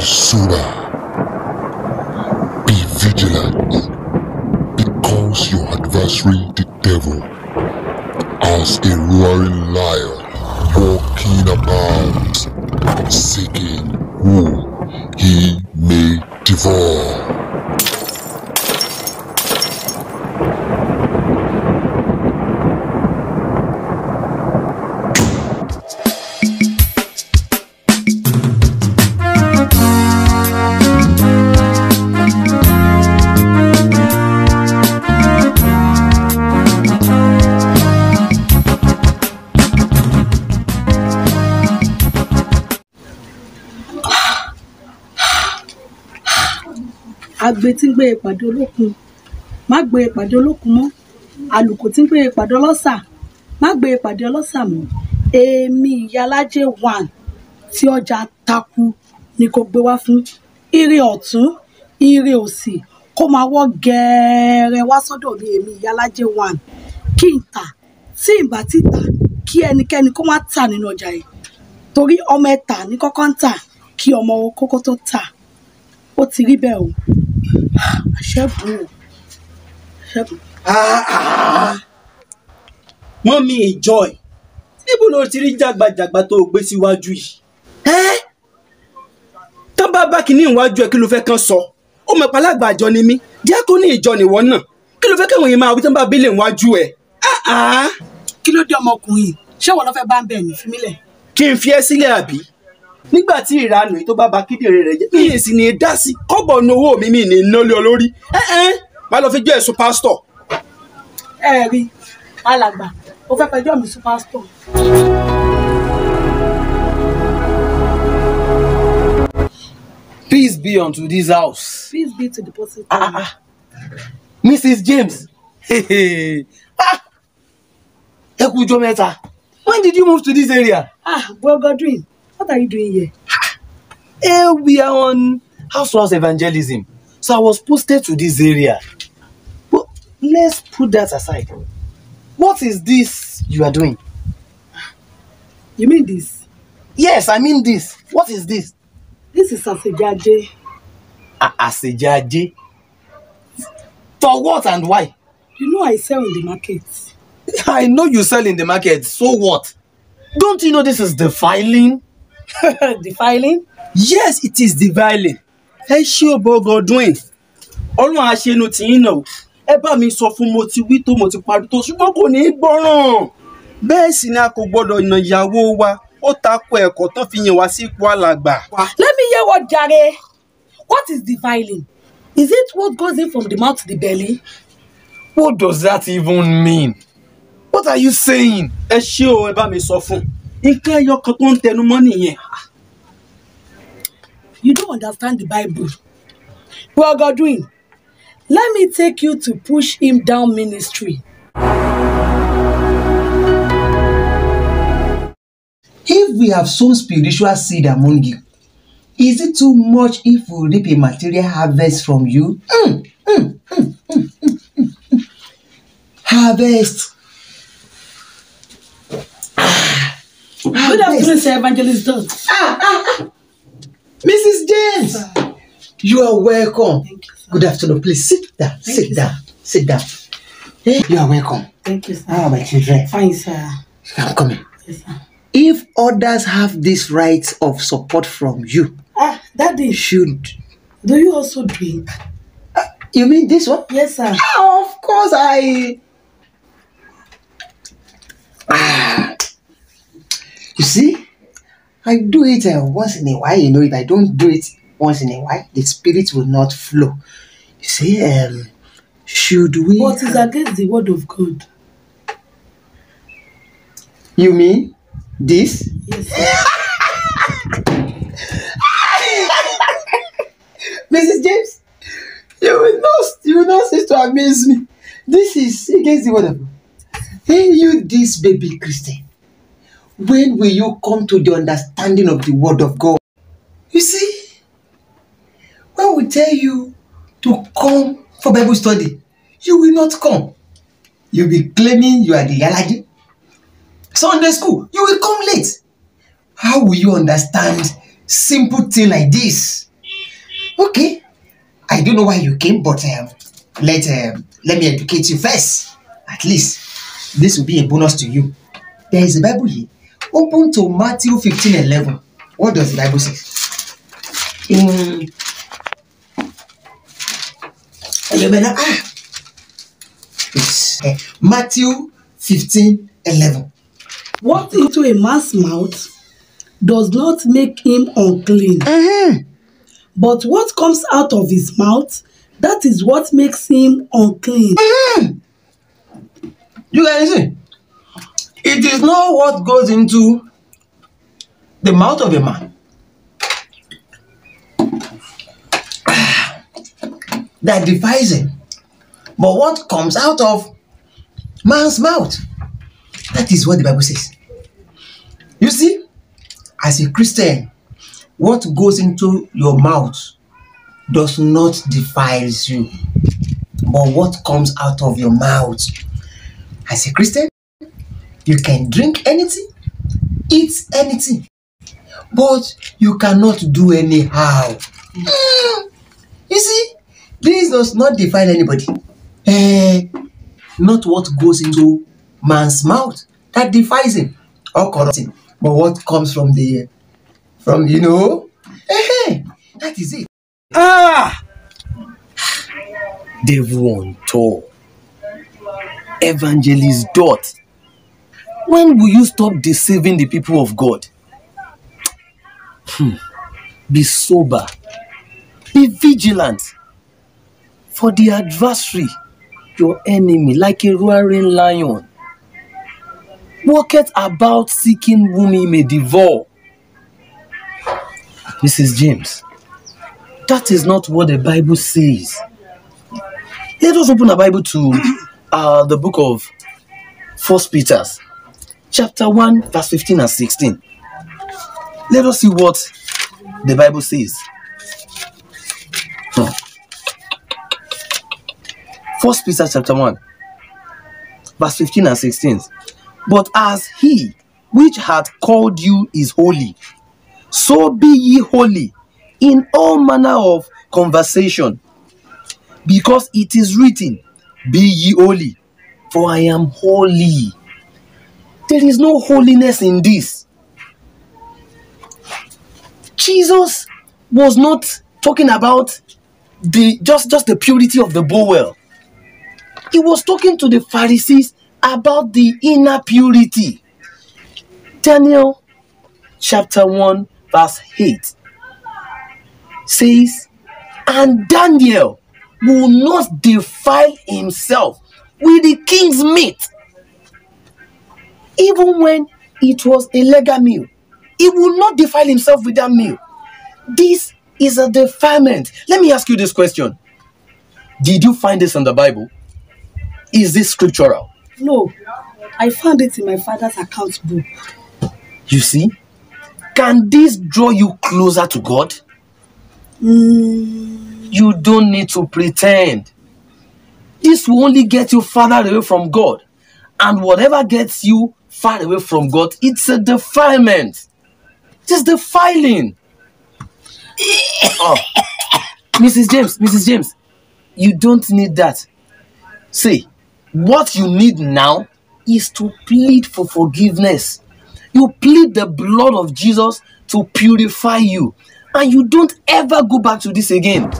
sober. Be vigilant, because your adversary, the devil, as a roaring lion, walking about, seeking whom he may devour. agbe tí ń gbé ìpàdé olókun má gbé ìpàdé olókun mọ́ àlùkò tí ń gbé ìpàdé ọlọ́ṣà má gbé ìpàdé ọlọ́ṣà mọ́ èmi ìyálájẹ one tí ọjà taku ni kò gbé wá fún ire ọ̀tún ire òsì kó máa wọ́ gẹ́ẹ́rẹ́ wá sọ́dọ̀ mi èmi ìyálájẹ one kí n tà tí n bá ti tà kí ẹnikẹ́ni kó má tà nínú ọjà yìí torí ọmọ ẹ̀ta ní kọ́kọ́ ń tà kí ọmọ kókó tó tà ó ti rí bẹ́ẹ̀ o ṣẹ́gun ṣẹ́gun wọ́n mi enjoy níbo ló ti rí jàgbàjàgbà tó o gbé síwájú yìí. tó bá bá kínní ìwájú ẹ kí ló fẹ́ kán sọ ó mọ̀ pálágbà àjọ ni mí díákóní ìjọ nìwọ náà kí ló fẹ́ kí wọ́n yẹn máa wí tó ń bá bílẹ̀ ìwájú ẹ. kí ló dé ọmọkùnrin ṣé wọn lọ fẹ́ bá ń bẹ̀ ní fímílẹ̀. kí n fi ẹ́ sílẹ̀ àbí nígbà tí ìranù yìí tó bá ba kíndìnrín rẹ̀ jẹ́ mi yìí sì ní í dá sí kọ́bọ̀ ní owó mi mi ní í nálé olórí ẹ ẹ má lọ fi jẹ́ ẹ̀sùn pásítọ̀. ẹ rí alàgbà ó fẹ́ pẹjọ́ mi sún pásítọ̀. Peace be unto this house. Peace be to the person. Ah, ah. ah. Mrs. James. Hey, hey. Ah. Ẹ kú ọjọ́ mẹ́ta. When did you move to this area? Ah, Bro Godwin. What are you doing here? Eh, we are on house house evangelism. So I was posted to this area. But let's put that aside. What is this you are doing? You mean this? Yes, I mean this. What is this? This is Asejaje. Asejaje? For what and why? You know I sell in the market. I know you sell in the market, so what? Don't you know this is defiling? defiling. yes it is defiling. ẹ ṣí òbò ọgọdún ẹ ọlọ́run àṣẹnu tì í nà ẹ bá mi sọ fún mo ti wí tó mo ti parí tó ṣùgbọ́n kò ní í gbọ́ràn bẹ́ẹ̀ sì ni a kò gbọ́dọ̀ nà ìyàwó wa ó takò ẹ̀kọ́ tán fi yàn wá sí ipò alàgbà. let me hear what jare what is defiling is it what goes in from the mouth to the belly. what does that even mean what are you saying. ẹ ṣé o ẹ bá mi sọ fún un nǹkan ẹyọ kan tó ń tẹnu mọ́ nìyẹn. You don't understand the Bible. Well, Godwin, let me take you to Push Him Down Ministry. If we have sown spiritual seed among you, is it too much if we reap a material harvest from you? Mm, mm, mm, mm, Harvest. Ah. Good afternoon, Sir Evangelist Don. Ah, ah, ah. Mrs. James, you are welcome. Thank you, Good afternoon. Please sit down. sit down. Sit eh? down. you are welcome. Thank you, sir. How are my children? Fine, sir. I'm coming. Yes, sir. If others have this right of support from you, ah, that they should. Do you also drink? Uh, you mean this one? Yes, sir. Ah, of course, I. I do it uh, once in a while. You know, if I don't do it once in a while, the spirit will not flow. You see, um, should we? What is against the word of God? You mean this? Yes. Mrs. James, you will not, you will not cease to amaze me. This is against the word of God. Hey, you, this baby Christian. when will you come to the understanding of the word of God? You see, when we tell you to come for Bible study, you will not come. You'll be claiming you are the Yalaji. Sunday school, you will come late. How will you understand simple thing like this? Okay, I don't know why you came, but um, let um, let me educate you first. At least this will be a bonus to you. There is a Bible here Open to Matthew 15 11. What does the Bible say? In ah, yes. Eh, Matthew 15 11. What into a man's mouth does not make him unclean. Uh-huh. But what comes out of his mouth, that is what makes him unclean. Uh-huh. You guys see? It is not what goes into the mouth of a man that defies him, but what comes out of man's mouth. That is what the Bible says. You see, as a Christian, what goes into your mouth does not defiles you, but what comes out of your mouth. As a Christian, You can drink anything, eat anything, but you cannot do anyhow. Mm. You see, this does not define anybody. Eh, not what goes into man's mouth that defies him or corrupts him, but what comes from the, from you know, eh, that is it. Ah! Devil on tour. Evangelist Dot When will you stop deceiving the people of God? Hmm. Be sober. Be vigilant. For the adversary, your enemy, like a roaring lion, walketh about seeking whom he may devour. Mrs. James, that is not what the Bible says. Let us open the Bible to uh, the book of First Peter's chapter 1, verse 15 and 16. Let us see what the Bible says. Hmm. First Peter chapter 1, verse 15 and 16. But as he which hath called you is holy, so be ye holy in all manner of conversation, because it is written, Be ye holy, for I am holy. There is no holiness in this. Jesus was not talking about the just, just the purity of the bowel. He was talking to the Pharisees about the inner purity. Daniel chapter 1 verse 8 says, And Daniel will not defile himself with the king's meat even when it was a legal meal, he will not defile himself with that meal. This is a defilement. Let me ask you this question Did you find this in the Bible? Is this scriptural? No, I found it in my father's account book. You see, can this draw you closer to God? Mm. You don't need to pretend. This will only get you further away from God. And whatever gets you far away from God, it's a defilement. Just defiling. oh. Mrs. James, Mrs. James, you don't need that. See, what you need now is to plead for forgiveness. You plead the blood of Jesus to purify you, and you don't ever go back to this again.